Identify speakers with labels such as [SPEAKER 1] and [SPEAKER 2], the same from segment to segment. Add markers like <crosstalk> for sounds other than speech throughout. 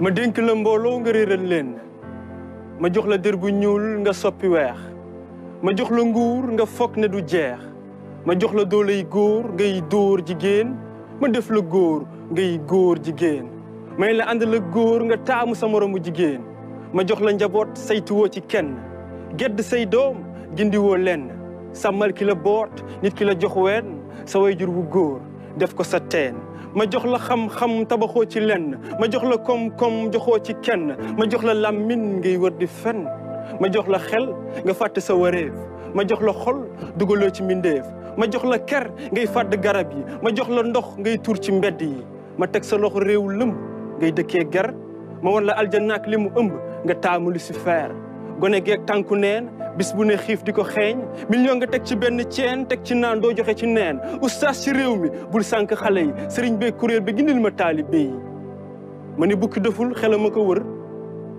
[SPEAKER 1] ma dénk la mbooloo nga réeral leen ma jox la dër gu ñuul nga soppi weex ma jox la nguur nga foog ne du jeex ma jox la dooley góor ngay dóor jigéen ma def la góor ngay góor jigéen may la ànd la góor nga taamu sa moroomu jigéen ma jox la njaboot saytuwoo ci kenn gedd say doom gindiwoo lenn sàmmal ki la boot nit ki la jox ween sa way wu góor def ko sa teen ma jox la xam-xam tabaxoo ci lenn ma jox la koom-koom joxoo ci kenn ma jox la làmmiñ ngay war di fen ma jox la xel nga fàtte sa wareef ma jox la xol dugaloo ci mbindeef ma jox la ker ngay fàdd garab yi ma jox la ndox ngay tuur ci mbedd yi ma teg sa loxo réew lëm ngay dëkkee ger ma won la aljanaak li mu ëmb nga taamu Lucifer gone geeg tànku neen bis bu ne xiif di ko xeeñ million nga teg ci benn ceen teg ci naan doo joxe ci neen oustaz ci réew mi bul sànq xale yi sëriñ bee kuréel bi gindil ma taalibe yi ma ne bukki deful xela ma ko wër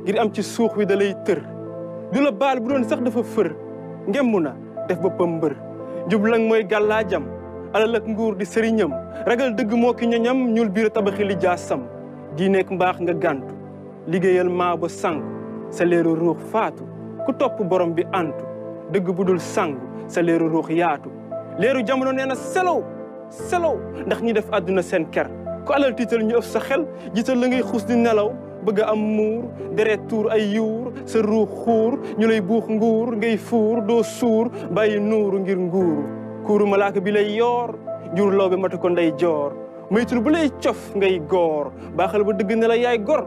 [SPEAKER 1] ngir am ci suux wi da lay tër du baal bu doon sax dafa fër ngemmu na def boppam mbër njublang mooy gàllaajam alal nguur di sëriñam ragal dëgg moo ki ñoñam ñuul biir tabaxi li jaasam di nekk mbaax nga gàntu liggéeyal maa ba sànq sa leeru faatu ku topp borom bi antu dëgg bu dul sangu sa leeru ruux yaatu leeru jamono nee na selow selaw ndax ñi def àdduna seen ker ku alal tiital ñu ëf sa xel jiital la ngay xuus di nelaw bëgg am muur deret tuur ay yuur sa ruux xuur ñu lay buux nguur ngay fuur doo suur bàyyi nuuru ngir nguuru kuuru malaaka bi lay yoor jur law bi mata ko nday joor maytul bu lay cof ngay goor baaxal ba dëgg ne yaay gor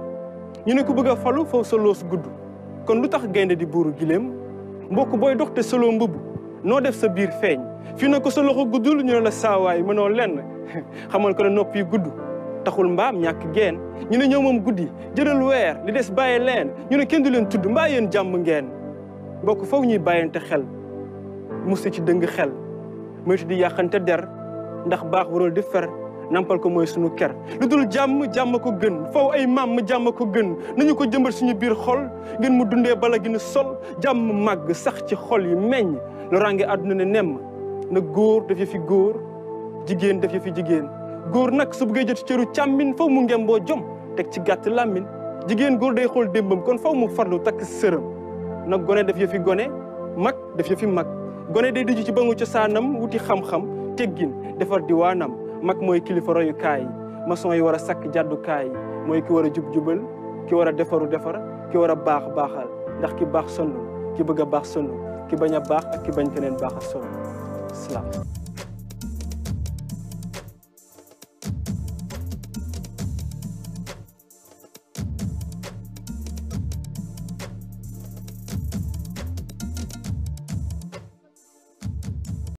[SPEAKER 1] ñu ne ku bëgg a falu foo sa loos gudd kon lu tax gaynde di buuru giléem mbokk booy dox te solo mbubb noo def sa biir feeñ fi na ko sa loxo guddul ñu ne la saawaay mënoo lenn <laughs> xamal ko ne nopp yi gudd taxul mbaam ñàkk geen ñu ne ñëw moom guddi jëral weer li des bàyyi leen ñu ne kenn du leen tudd mbaa yéen jàmm ngeen mbokk faw ñuy bàyyante xel musa ci dëng xel moytu di yàqante der ndax baax warul di fer nampal ko mooy suñu ker lu dul jàmm jàmm ko gën faw ay maam jàmm ko gën nañu ko jëmbat suñu biir xol ngeen mu dundee bala gi nu sol jàmm màgg sax ci xol yi meññ loraange àdduna ne nemm na góor daf fi góor jigéen daf fi jigéen góor nag su buggee jot cëru càmmin faw mu ngemboo jom teg ci gàtt làmmin jigéen góor day xool démbam kon faw mu farlu takk sërëm nag gone daf fi gone mag daf fi mag gone day dijju ci ba ngu cosaanam wuti xam teggin defar diwaanam mag mooy kilifa royukaay maçon yi war a sakk jàddukaay mooy ki war a jub-jubal ki war a defaru defar ki war a baax baaxal ndax ki baax sonn ki bëgg a baax sonn ki bañ a baax ak ki bañ keneen baax a sonn